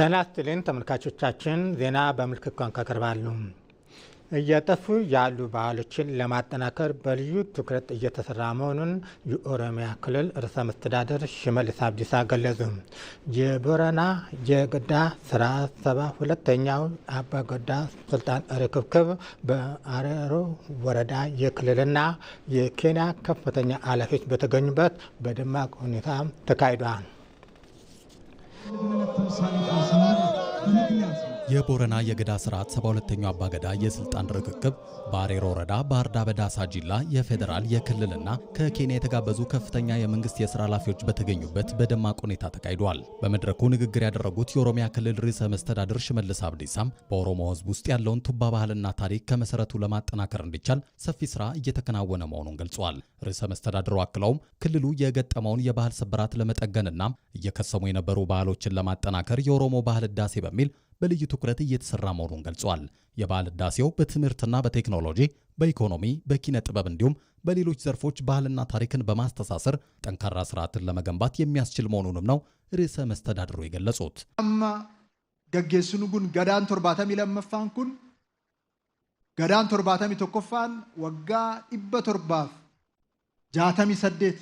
ጤና ይስጥልን ተመልካቾቻችን፣ ዜና በምልክት ቋንቋ ቀርባሉ። እየጠፉ ያሉ ባህሎችን ለማጠናከር በልዩ ትኩረት እየተሰራ መሆኑን የኦሮሚያ ክልል ርዕሰ መስተዳደር ሽመልስ አብዲሳ ገለጹ። የቦረና የገዳ ስራ ሰባ ሁለተኛው አባ ገዳ ስልጣን ርክብክብ በአረሮ ወረዳ የክልልና የኬንያ ከፍተኛ ኃላፊዎች በተገኙበት በደማቅ ሁኔታ ተካሂዷል። የቦረና የገዳ ስርዓት 72ኛው አባገዳ የስልጣን ርክክብ ባሬሮ ወረዳ ባህርዳ በዳሳ ጂላ የፌዴራል የክልልና ከኬንያ የተጋበዙ ከፍተኛ የመንግስት የስራ ኃላፊዎች በተገኙበት በደማቅ ሁኔታ ተካሂዷል። በመድረኩ ንግግር ያደረጉት የኦሮሚያ ክልል ርዕሰ መስተዳድር ሽመልስ አብዲሳም በኦሮሞ ሕዝብ ውስጥ ያለውን ቱባ ባህልና ታሪክ ከመሰረቱ ለማጠናከር እንዲቻል ሰፊ ስራ እየተከናወነ መሆኑን ገልጿል። ርዕሰ መስተዳድሩ አክለውም ክልሉ የገጠመውን የባህል ስብራት ለመጠገንና እየከሰሙ የነበሩ ባህሎችን ለማጠናከር የኦሮሞ ባህል ህዳሴ በሚል በልዩ ትኩረት እየተሰራ መሆኑን ገልጿል። የባህል ህዳሴው በትምህርትና በቴክኖሎጂ፣ በኢኮኖሚ፣ በኪነ ጥበብ እንዲሁም በሌሎች ዘርፎች ባህልና ታሪክን በማስተሳሰር ጠንካራ ስርዓትን ለመገንባት የሚያስችል መሆኑንም ነው ርዕሰ መስተዳድሩ የገለጹት። ገጌሱን ጉን ገዳን ቶርባተም ለመፋን ኩን ገዳን ቶርባተም ይተኮፋን ወጋ ኢበ ቶርባፍ ጃተም ሰዴት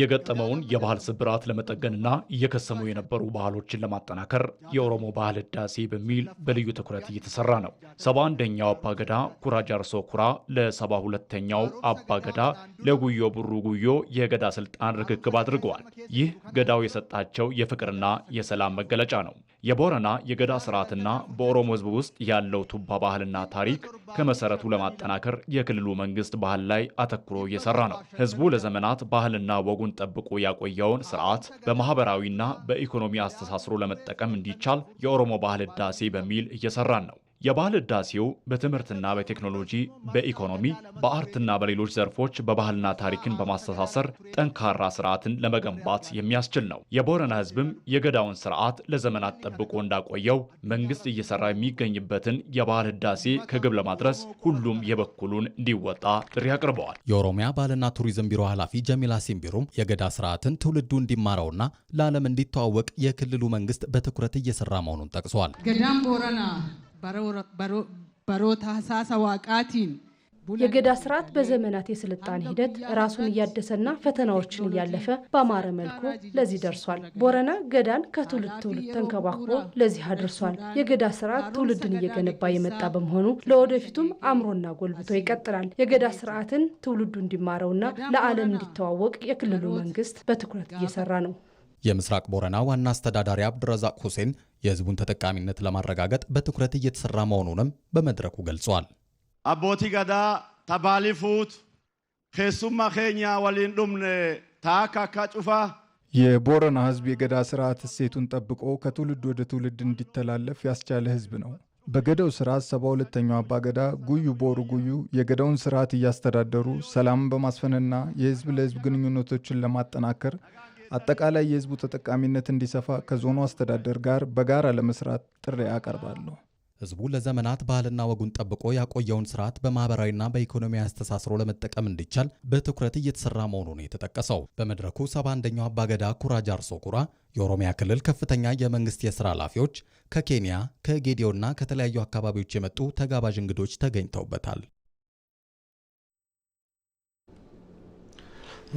የገጠመውን የባህል ስብራት ለመጠገንና እየከሰሙ የነበሩ ባህሎችን ለማጠናከር የኦሮሞ ባህል ህዳሴ በሚል በልዩ ትኩረት እየተሰራ ነው። ሰባ አንደኛው አባገዳ ኩራ ጃርሶ ኩራ ለሰባ ሁለተኛው አባገዳ ለጉዮ ቡሩ ጉዮ የገዳ ስልጣን ርክክብ አድርገዋል። ይህ ገዳው የሰጣቸው የፍቅርና የሰላም መገለጫ ነው። የቦረና የገዳ ስርዓትና በኦሮሞ ህዝብ ውስጥ ያለው ቱባ ባህልና ታሪክ ከመሰረቱ ለማጠናከር የክልሉ መንግስት ባህል ላይ አተኩሮ እየሰራ ነው። ህዝቡ ለዘመናት ባህልና ወጉን ጠብቆ ያቆየውን ስርዓት በማህበራዊና በኢኮኖሚ አስተሳስሮ ለመጠቀም እንዲቻል የኦሮሞ ባህል ህዳሴ በሚል እየሰራን ነው። የባህል ህዳሴው በትምህርትና በቴክኖሎጂ በኢኮኖሚ በአርትና በሌሎች ዘርፎች በባህልና ታሪክን በማስተሳሰር ጠንካራ ስርዓትን ለመገንባት የሚያስችል ነው። የቦረና ህዝብም የገዳውን ስርዓት ለዘመናት ጠብቆ እንዳቆየው መንግስት እየሰራ የሚገኝበትን የባህል ህዳሴ ከግብ ለማድረስ ሁሉም የበኩሉን እንዲወጣ ጥሪ አቅርበዋል። የኦሮሚያ ባህልና ቱሪዝም ቢሮ ኃላፊ ጀሚላ ሲምቢሩም የገዳ ስርዓትን ትውልዱ እንዲማረውና ለዓለም እንዲተዋወቅ የክልሉ መንግስት በትኩረት እየሰራ መሆኑን ጠቅሷል። ገዳም ቦረና በሮታሳሳ የገዳ ስርዓት በዘመናት የስልጣን ሂደት ራሱን እያደሰና ፈተናዎችን እያለፈ በአማረ መልኩ ለዚህ ደርሷል። ቦረና ገዳን ከትውልድ ትውልድ ተንከባክቦ ለዚህ አድርሷል። የገዳ ስርዓት ትውልድን እየገነባ የመጣ በመሆኑ ለወደፊቱም አምሮና ጎልብቶ ይቀጥላል። የገዳ ስርዓትን ትውልዱ እንዲማረውና ለዓለም እንዲተዋወቅ የክልሉ መንግስት በትኩረት እየሰራ ነው። የምስራቅ ቦረና ዋና አስተዳዳሪ አብድረዛቅ ሁሴን የህዝቡን ተጠቃሚነት ለማረጋገጥ በትኩረት እየተሰራ መሆኑንም በመድረኩ ገልጿል። አቦቲ ገዳ ተባሊፉት ኬሱማ ኬኛ ወሊን ዱምነ ታካካ ጩፋ የቦረና ህዝብ የገዳ ስርዓት እሴቱን ጠብቆ ከትውልድ ወደ ትውልድ እንዲተላለፍ ያስቻለ ህዝብ ነው። በገዳው ስርዓት ሰባ ሁለተኛው አባገዳ ጉዩ ቦሩ ጉዩ የገዳውን ስርዓት እያስተዳደሩ ሰላምን በማስፈንና የህዝብ ለህዝብ ግንኙነቶችን ለማጠናከር አጠቃላይ የህዝቡ ተጠቃሚነት እንዲሰፋ ከዞኑ አስተዳደር ጋር በጋራ ለመስራት ጥሪ አቀርባለሁ። ህዝቡ ለዘመናት ባህልና ወጉን ጠብቆ ያቆየውን ስርዓት በማህበራዊና በኢኮኖሚ አስተሳስሮ ለመጠቀም እንዲቻል በትኩረት እየተሰራ መሆኑን የተጠቀሰው በመድረኩ ሰባ አንደኛው አባገዳ ኩራጅ አርሶ ኩራ የኦሮሚያ ክልል ከፍተኛ የመንግስት የስራ ኃላፊዎች ከኬንያ ከጌዲዮና ከተለያዩ አካባቢዎች የመጡ ተጋባዥ እንግዶች ተገኝተውበታል።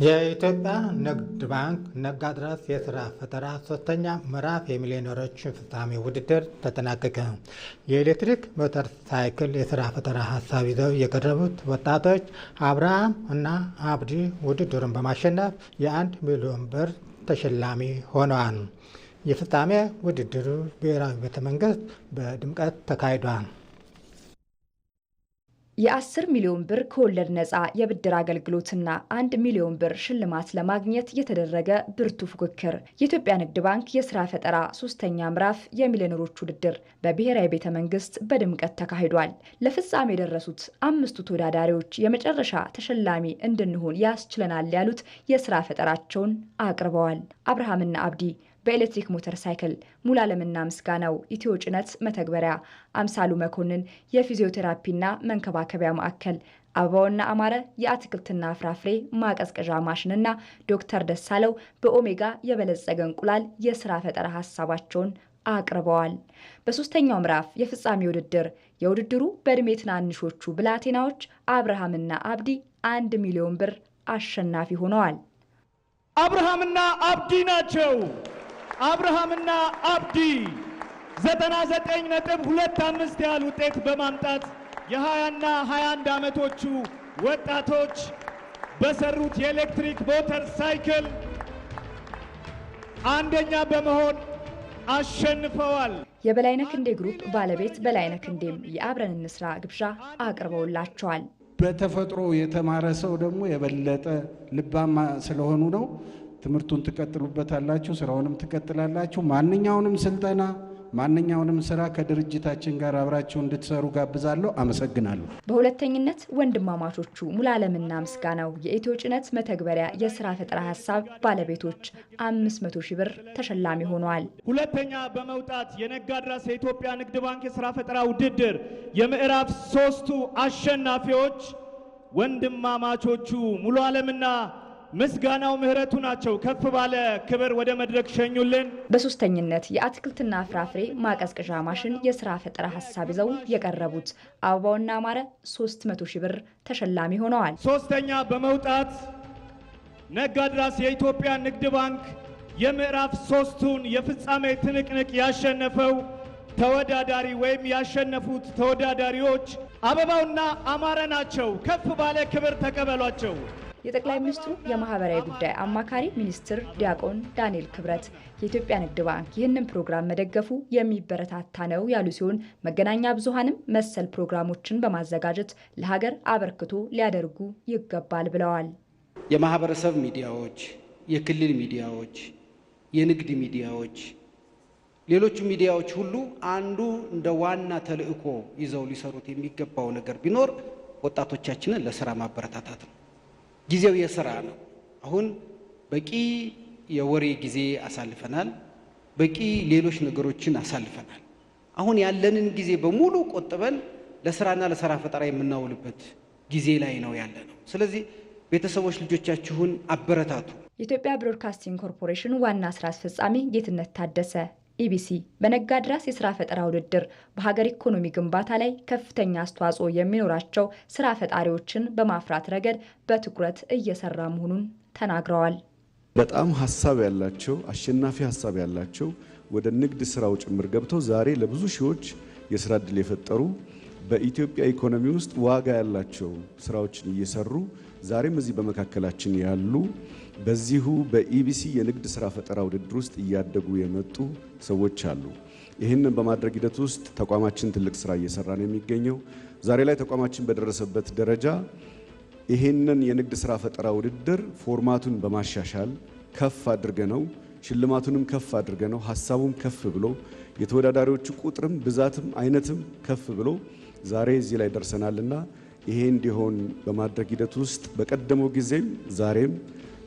የኢትዮጵያ ንግድ ባንክ ነጋድረስ የስራ ፈጠራ ሶስተኛ ምዕራፍ የሚሊዮነሮች ፍጻሜ ውድድር ተጠናቀቀ። የኤሌክትሪክ ሞተር ሳይክል የስራ ፈጠራ ሀሳብ ይዘው የቀረቡት ወጣቶች አብርሃም እና አብዲ ውድድሩን በማሸነፍ የአንድ ሚሊዮን ብር ተሸላሚ ሆነዋል። የፍጻሜ ውድድሩ ብሔራዊ ቤተ መንግስት በድምቀት ተካሂዷል። የ10 ሚሊዮን ብር ከወለድ ነፃ የብድር አገልግሎትና አንድ ሚሊዮን ብር ሽልማት ለማግኘት የተደረገ ብርቱ ፉክክር የኢትዮጵያ ንግድ ባንክ የስራ ፈጠራ ሶስተኛ ምዕራፍ የሚሊዮነሮች ውድድር በብሔራዊ ቤተ መንግስት በድምቀት ተካሂዷል። ለፍጻሜ የደረሱት አምስቱ ተወዳዳሪዎች የመጨረሻ ተሸላሚ እንድንሆን ያስችለናል ያሉት የስራ ፈጠራቸውን አቅርበዋል። አብርሃምና አብዲ በኤሌክትሪክ ሞተር ሳይክል፣ ሙላለምና ምስጋናው ኢትዮ ጭነት መተግበሪያ፣ አምሳሉ መኮንን የፊዚዮቴራፒና መንከባከቢያ ማዕከል፣ አበባውና አማረ የአትክልትና ፍራፍሬ ማቀዝቀዣ ማሽንና ዶክተር ደሳለው በኦሜጋ የበለጸገ እንቁላል የስራ ፈጠራ ሀሳባቸውን አቅርበዋል። በሶስተኛው ምዕራፍ የፍጻሜ ውድድር የውድድሩ በዕድሜ ትናንሾቹ ብላቴናዎች አብርሃምና አብዲ አንድ ሚሊዮን ብር አሸናፊ ሆነዋል። አብርሃምና አብዲ ናቸው። አብርሃምና አብዲ 99.25 ያህል ውጤት በማምጣት የ20ና 21 ዓመቶቹ ወጣቶች በሰሩት የኤሌክትሪክ ሞተር ሳይክል አንደኛ በመሆን አሸንፈዋል። የበላይነህ ክንዴ ግሩፕ ባለቤት በላይነህ ክንዴም የአብረን እንስራ ግብዣ አቅርበውላቸዋል። በተፈጥሮ የተማረ ሰው ደግሞ የበለጠ ልባማ ስለሆኑ ነው ትምህርቱን ትቀጥሉበታላችሁ፣ ስራውንም ትቀጥላላችሁ። ማንኛውንም ስልጠና ማንኛውንም ስራ ከድርጅታችን ጋር አብራችሁ እንድትሰሩ ጋብዛለሁ። አመሰግናለሁ። በሁለተኝነት ወንድማማቾቹ ሙላለምና ምስጋናው የኢትዮ ጭነት መተግበሪያ የስራ ፈጠራ ሀሳብ ባለቤቶች አምስት መቶ ሺህ ብር ተሸላሚ ሆኗል። ሁለተኛ በመውጣት የነጋድራስ የኢትዮጵያ ንግድ ባንክ የስራ ፈጠራ ውድድር የምዕራፍ ሶስቱ አሸናፊዎች ወንድማማቾቹ ሙሉ ምስጋናው ምህረቱ ናቸው። ከፍ ባለ ክብር ወደ መድረክ ሸኙልን። በሶስተኝነት የአትክልትና ፍራፍሬ ማቀዝቀዣ ማሽን የስራ ፈጠራ ሀሳብ ይዘው የቀረቡት አበባውና አማረ 300 ሺህ ብር ተሸላሚ ሆነዋል። ሶስተኛ በመውጣት ነጋድራስ የኢትዮጵያ ንግድ ባንክ የምዕራፍ ሶስቱን የፍጻሜ ትንቅንቅ ያሸነፈው ተወዳዳሪ ወይም ያሸነፉት ተወዳዳሪዎች አበባውና አማረ ናቸው። ከፍ ባለ ክብር ተቀበሏቸው። የጠቅላይ ሚኒስትሩ የማህበራዊ ጉዳይ አማካሪ ሚኒስትር ዲያቆን ዳንኤል ክብረት የኢትዮጵያ ንግድ ባንክ ይህንን ፕሮግራም መደገፉ የሚበረታታ ነው ያሉ ሲሆን መገናኛ ብዙሃንም መሰል ፕሮግራሞችን በማዘጋጀት ለሀገር አበርክቶ ሊያደርጉ ይገባል ብለዋል። የማህበረሰብ ሚዲያዎች፣ የክልል ሚዲያዎች፣ የንግድ ሚዲያዎች ሌሎቹ ሚዲያዎች ሁሉ አንዱ እንደ ዋና ተልዕኮ ይዘው ሊሰሩት የሚገባው ነገር ቢኖር ወጣቶቻችንን ለስራ ማበረታታት ነው። ጊዜው የስራ ነው። አሁን በቂ የወሬ ጊዜ አሳልፈናል። በቂ ሌሎች ነገሮችን አሳልፈናል። አሁን ያለንን ጊዜ በሙሉ ቆጥበን ለስራና ለስራ ፈጠራ የምናውልበት ጊዜ ላይ ነው ያለ ነው። ስለዚህ ቤተሰቦች ልጆቻችሁን አበረታቱ። የኢትዮጵያ ብሮድካስቲንግ ኮርፖሬሽን ዋና ስራ አስፈጻሚ ጌትነት ታደሰ ኢቢሲ በነጋድራስ የስራ ፈጠራ ውድድር በሀገር ኢኮኖሚ ግንባታ ላይ ከፍተኛ አስተዋጽኦ የሚኖራቸው ስራ ፈጣሪዎችን በማፍራት ረገድ በትኩረት እየሰራ መሆኑን ተናግረዋል። በጣም ሀሳብ ያላቸው አሸናፊ ሀሳብ ያላቸው ወደ ንግድ ስራው ጭምር ገብተው ዛሬ ለብዙ ሺዎች የስራ እድል የፈጠሩ በኢትዮጵያ ኢኮኖሚ ውስጥ ዋጋ ያላቸው ስራዎችን እየሰሩ ዛሬም እዚህ በመካከላችን ያሉ በዚሁ በኢቢሲ የንግድ ስራ ፈጠራ ውድድር ውስጥ እያደጉ የመጡ ሰዎች አሉ። ይህንን በማድረግ ሂደት ውስጥ ተቋማችን ትልቅ ስራ እየሰራ ነው የሚገኘው። ዛሬ ላይ ተቋማችን በደረሰበት ደረጃ ይህንን የንግድ ስራ ፈጠራ ውድድር ፎርማቱን በማሻሻል ከፍ አድርገ ነው ሽልማቱንም ከፍ አድርገ ነው ሀሳቡም ከፍ ብሎ የተወዳዳሪዎቹ ቁጥርም ብዛትም አይነትም ከፍ ብሎ ዛሬ እዚህ ላይ ደርሰናልና ይሄ እንዲሆን በማድረግ ሂደት ውስጥ በቀደመው ጊዜም ዛሬም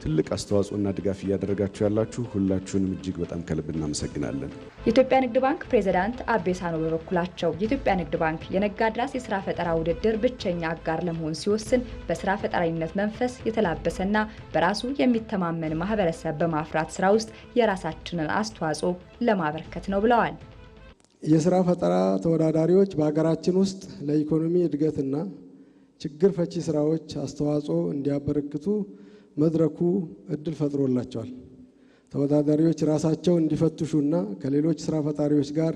ትልቅ አስተዋጽኦና ድጋፍ እያደረጋችሁ ያላችሁ ሁላችሁንም እጅግ በጣም ከልብ እናመሰግናለን። የኢትዮጵያ ንግድ ባንክ ፕሬዚዳንት አቤ ሳኖ በበኩላቸው የኢትዮጵያ ንግድ ባንክ የነጋድራስ የስራ ፈጠራ ውድድር ብቸኛ አጋር ለመሆን ሲወስን በስራ ፈጠራዊነት መንፈስ የተላበሰና በራሱ የሚተማመን ማህበረሰብ በማፍራት ስራ ውስጥ የራሳችንን አስተዋጽኦ ለማበረከት ነው ብለዋል። የስራ ፈጠራ ተወዳዳሪዎች በሀገራችን ውስጥ ለኢኮኖሚ እድገትና ችግር ፈቺ ስራዎች አስተዋጽኦ እንዲያበረክቱ መድረኩ እድል ፈጥሮላቸዋል። ተወዳዳሪዎች ራሳቸውን እንዲፈትሹና ከሌሎች ስራ ፈጣሪዎች ጋር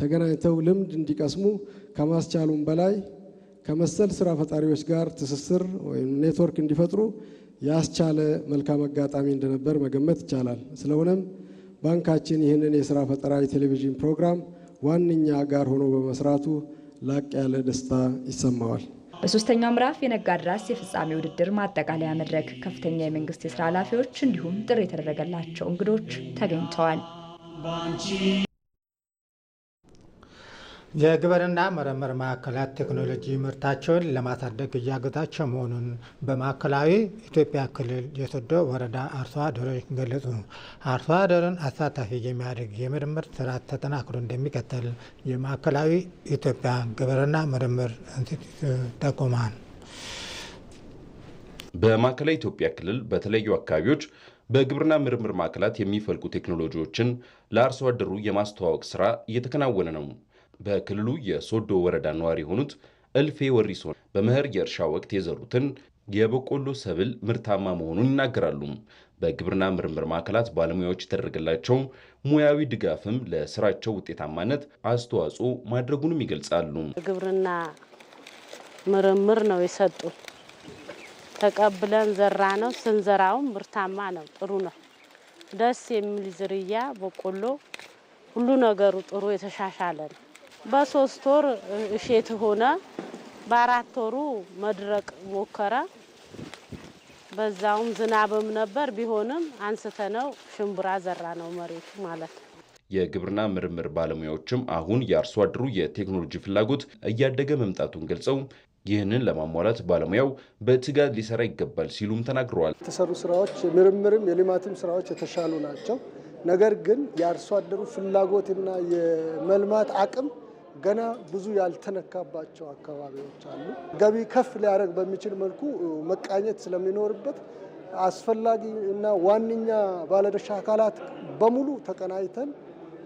ተገናኝተው ልምድ እንዲቀስሙ ከማስቻሉም በላይ ከመሰል ስራ ፈጣሪዎች ጋር ትስስር ወይም ኔትወርክ እንዲፈጥሩ ያስቻለ መልካም አጋጣሚ እንደነበር መገመት ይቻላል። ስለሆነም ባንካችን ይህንን የስራ ፈጠራ የቴሌቪዥን ፕሮግራም ዋነኛ ጋር ሆኖ በመስራቱ ላቅ ያለ ደስታ ይሰማዋል። በሶስተኛው ምዕራፍ የነጋድራስ የፍጻሜ ውድድር ማጠቃለያ መድረክ ከፍተኛ የመንግስት የስራ ኃላፊዎች እንዲሁም ጥሪ የተደረገላቸው እንግዶች ተገኝተዋል። የግብርና ምርምር ማዕከላት ቴክኖሎጂ ምርታቸውን ለማሳደግ እያገዛቸው መሆኑን በማዕከላዊ ኢትዮጵያ ክልል የሶዶ ወረዳ አርሶ አደሮች ገለጹ። አርሶ አደርን አሳታፊ የሚያደርግ የምርምር ስርዓት ተጠናክሮ እንደሚቀጥል የማዕከላዊ ኢትዮጵያ ግብርና ምርምር ኢንስቲትዩት ጠቁሟል። በማዕከላዊ ኢትዮጵያ ክልል በተለያዩ አካባቢዎች በግብርና ምርምር ማዕከላት የሚፈልቁ ቴክኖሎጂዎችን ለአርሶ አደሩ የማስተዋወቅ ስራ እየተከናወነ ነው። በክልሉ የሶዶ ወረዳ ነዋሪ የሆኑት እልፌ ወሪሶ በመኸር የእርሻ ወቅት የዘሩትን የበቆሎ ሰብል ምርታማ መሆኑን ይናገራሉ። በግብርና ምርምር ማዕከላት ባለሙያዎች የተደረገላቸው ሙያዊ ድጋፍም ለስራቸው ውጤታማነት አስተዋጽኦ ማድረጉንም ይገልጻሉ። ግብርና ምርምር ነው የሰጡን። ተቀብለን ዘራ ነው። ስንዘራውም ምርታማ ነው፣ ጥሩ ነው። ደስ የሚል ዝርያ በቆሎ፣ ሁሉ ነገሩ ጥሩ የተሻሻለ ነው። በሶስት ወር እሼት ሆነ። በአራት ወሩ መድረቅ ሞከረ። በዛውም ዝናብም ነበር። ቢሆንም አንስተነው ሽምብራ ዘራ ነው መሬቱ ማለት ነው። የግብርና ምርምር ባለሙያዎችም አሁን የአርሶ አደሩ የቴክኖሎጂ ፍላጎት እያደገ መምጣቱን ገልጸው ይህንን ለማሟላት ባለሙያው በትጋት ሊሰራ ይገባል ሲሉም ተናግረዋል። የተሰሩ ስራዎች ምርምርም የልማትም ስራዎች የተሻሉ ናቸው። ነገር ግን የአርሶ አደሩ ፍላጎትና የመልማት አቅም ገና ብዙ ያልተነካባቸው አካባቢዎች አሉ። ገቢ ከፍ ሊያደርግ በሚችል መልኩ መቃኘት ስለሚኖርበት አስፈላጊ እና ዋነኛ ባለድርሻ አካላት በሙሉ ተቀናይተን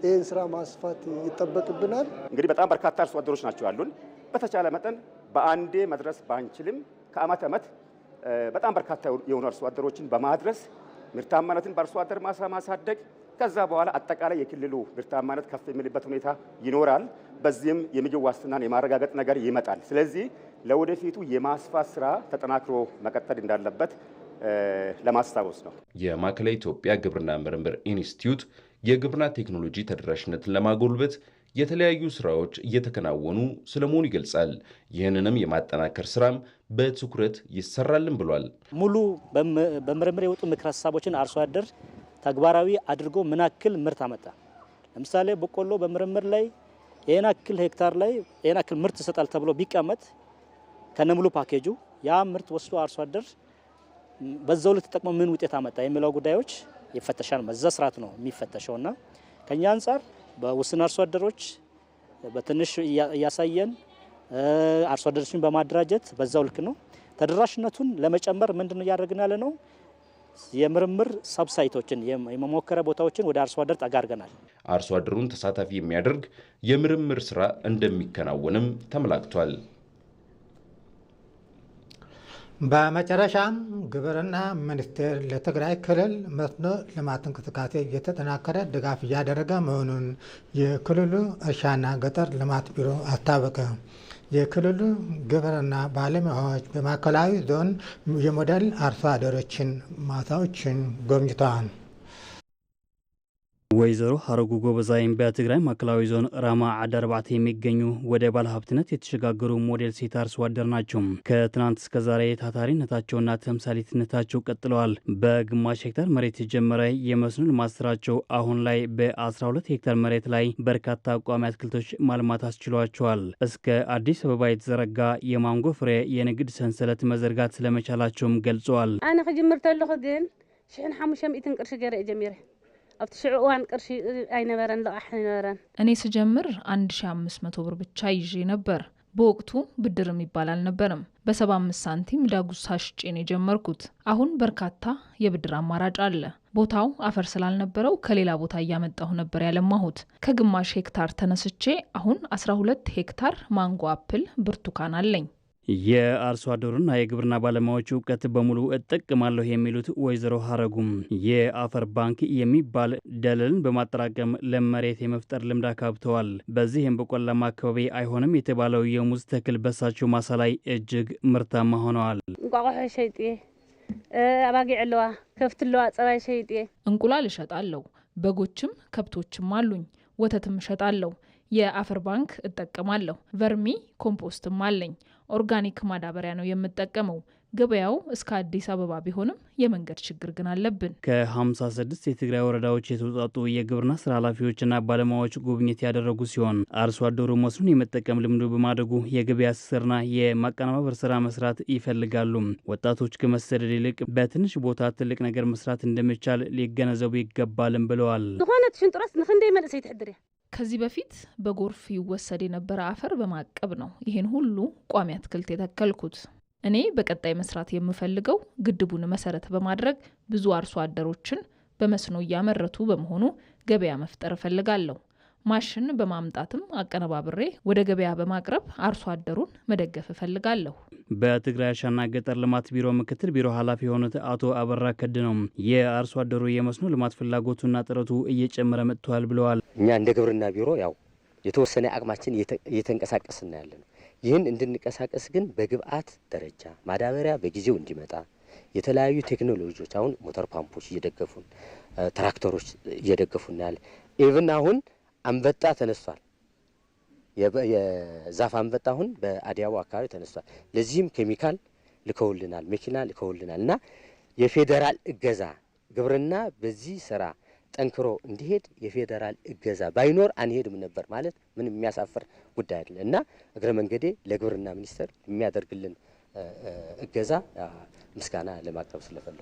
ይህን ስራ ማስፋት ይጠበቅብናል። እንግዲህ በጣም በርካታ አርሶ አደሮች ናቸው ያሉን። በተቻለ መጠን በአንዴ መድረስ ባንችልም ከአመት ዓመት በጣም በርካታ የሆኑ አርሶ አደሮችን በማድረስ ምርታማነትን በአርሶ አደር ማሳ ማሳደግ ከዛ በኋላ አጠቃላይ የክልሉ ምርታማነት ከፍ የሚልበት ሁኔታ ይኖራል። በዚህም የምግብ ዋስትናን የማረጋገጥ ነገር ይመጣል። ስለዚህ ለወደፊቱ የማስፋት ስራ ተጠናክሮ መቀጠል እንዳለበት ለማስታወስ ነው። የማዕከላዊ ኢትዮጵያ ግብርና ምርምር ኢንስቲትዩት የግብርና ቴክኖሎጂ ተደራሽነትን ለማጎልበት የተለያዩ ስራዎች እየተከናወኑ ስለመሆኑ ይገልጻል። ይህንንም የማጠናከር ስራም በትኩረት ይሰራልን ብሏል። ሙሉ በምርምር የወጡ ምክር ሀሳቦችን አርሶ አደር ተግባራዊ አድርጎ ምናክል ምርት አመጣ። ለምሳሌ በቆሎ በምርምር ላይ ይህን አክል ሄክታር ላይ ይህን ምርት ይሰጣል ተብሎ ቢቀመጥ ከነሙሉ ፓኬጁ ያ ምርት ወስዶ አርሶ አደር በዛው ልክ ምን ውጤት አመጣ የሚለው ጉዳዮች ይፈተሻል። በዛ ስርዓት ነው የሚፈተሸው እና ከኛ አንጻር በውስን አርሶ አደሮች በትንሽ እያሳየን አርሶ አደሮችን በማደራጀት በዛው ልክ ነው ተደራሽነቱን ለመጨመር ምንድነው እያደረግን ያለ ነው። የምርምር ሰብሳይቶችን የመሞከረ ቦታዎችን ወደ አርሶ አደር ጠጋርገናል። አርሶ አደሩን ተሳታፊ የሚያደርግ የምርምር ስራ እንደሚከናወንም ተመላክቷል። በመጨረሻም ግብርና ሚኒስቴር ለትግራይ ክልል መስኖ ልማት እንቅስቃሴ የተጠናከረ ድጋፍ እያደረገ መሆኑን የክልሉ እርሻና ገጠር ልማት ቢሮ አስታወቀ። የክልሉ ግብርና ባለሙያዎች በማዕከላዊ ዞን የሞዴል አርሶ አደሮችን ማሳዎችን ጎብኝተዋል። ወይዘሮ ሀረጉ ጎበዛይን በትግራይ ማዕከላዊ ዞን ራማ ዓዲ አርባዕተ የሚገኙ ወደ ባለ ሀብትነት የተሸጋገሩ ሞዴል ሴት አርሶ አደር ናቸው። ከትናንት እስከ ዛሬ ታታሪነታቸውና ተምሳሌትነታቸው ቀጥለዋል። በግማሽ ሄክታር መሬት የጀመረ የመስኖ ልማት ስራቸው አሁን ላይ በ12 ሄክታር መሬት ላይ በርካታ ቋሚ አትክልቶች ማልማት አስችሏቸዋል። እስከ አዲስ አበባ የተዘረጋ የማንጎ ፍሬ የንግድ ሰንሰለት መዘርጋት ስለመቻላቸውም ገልጸዋል። አነ ክጅምር ግን ሽሕን ሓሙሽተ ሚእትን ቅርሺ ገይረ እየ ጀሚረ ኣብቲ ሽዑ እዋን ቅርሺ ኣይነበረን ልቃሕ ኣይነበረን እኔ ስጀምር መቶ ብር ብቻ ይዤ ነበር። በወቅቱ ብድርም ይባል አልነበርም በሰባ በ75 ሳንቲም ዳጉሳ ሽጬ የጀመርኩት። አሁን በርካታ የብድር አማራጭ አለ። ቦታው አፈር ስላልነበረው ከሌላ ቦታ እያመጣሁ ነበር ያለማሁት። ከግማሽ ሄክታር ተነስቼ አሁን 12 ሄክታር ማንጎ፣ አፕል፣ ብርቱካን አለኝ። የአርሶ አደሩና የግብርና ባለሙያዎች እውቀት በሙሉ እጠቀማለሁ የሚሉት ወይዘሮ ሀረጉም የአፈር ባንክ የሚባል ደለልን በማጠራቀም ለመሬት የመፍጠር ልምድ አካብተዋል። በዚህም በቆላማ አካባቢ አይሆንም የተባለው የሙዝ ተክል በሳቸው ማሳ ላይ እጅግ ምርታማ ሆነዋል። እንቋቋሖ ሸይጥ አባጊዕ ዕለዋ ከፍት ለዋ ጸባይ ሸይጥ እንቁላል እሸጣለሁ። በጎችም ከብቶችም አሉኝ። ወተትም እሸጣለሁ። የአፈር ባንክ እጠቀማለሁ። ቨርሚ ኮምፖስትም አለኝ። ኦርጋኒክ ማዳበሪያ ነው የምጠቀመው። ገበያው እስከ አዲስ አበባ ቢሆንም የመንገድ ችግር ግን አለብን። ከ56 የትግራይ ወረዳዎች የተውጣጡ የግብርና ስራ ኃላፊዎችና ባለሙያዎች ጉብኝት ያደረጉ ሲሆን አርሶ አደሩ መስኖን የመጠቀም ልምዱ በማደጉ የገበያ ስስርና የማቀነባበር ስራ መስራት ይፈልጋሉ። ወጣቶች ከመሰደድ ይልቅ በትንሽ ቦታ ትልቅ ነገር መስራት እንደሚቻል ሊገነዘቡ ይገባልም ብለዋል። ዝኾነት ሽንጥረስ ንክንደይ መልእሰይ ትሕድር እያ ከዚህ በፊት በጎርፍ ይወሰድ የነበረ አፈር በማቀብ ነው ይህን ሁሉ ቋሚ አትክልት የተከልኩት። እኔ በቀጣይ መስራት የምፈልገው ግድቡን መሰረት በማድረግ ብዙ አርሶ አደሮችን በመስኖ እያመረቱ በመሆኑ ገበያ መፍጠር እፈልጋለሁ። ማሽን በማምጣትም አቀነባብሬ ወደ ገበያ በማቅረብ አርሶ አደሩን መደገፍ እፈልጋለሁ። በትግራይ አሻና ገጠር ልማት ቢሮ ምክትል ቢሮ ኃላፊ የሆኑት አቶ አበራ ከድ ነው የአርሶ አደሩ የመስኖ ልማት ፍላጎቱና ጥረቱ እየጨመረ መጥቷል ብለዋል። እኛ እንደ ግብርና ቢሮ ያው የተወሰነ አቅማችን እየተንቀሳቀስ ያለ ነው። ይህን እንድንቀሳቀስ ግን በግብአት ደረጃ ማዳበሪያ በጊዜው እንዲመጣ የተለያዩ ቴክኖሎጂዎች አሁን ሞተር ፓምፖች እየደገፉን፣ ትራክተሮች እየደገፉናል። ኢቭን አሁን አንበጣ ተነስቷል። የዛፍ አንበጣ አሁን በአዲያቦ አካባቢ ተነስቷል። ለዚህም ኬሚካል ልከውልናል፣ መኪና ልከውልናል እና የፌዴራል እገዛ ግብርና በዚህ ስራ ጠንክሮ እንዲሄድ የፌዴራል እገዛ ባይኖር አንሄድም ነበር ማለት ምን የሚያሳፍር ጉዳይ አይደለ እና እግረ መንገዴ ለግብርና ሚኒስቴር የሚያደርግልን እገዛ ምስጋና ለማቅረብ ስለፈለጉ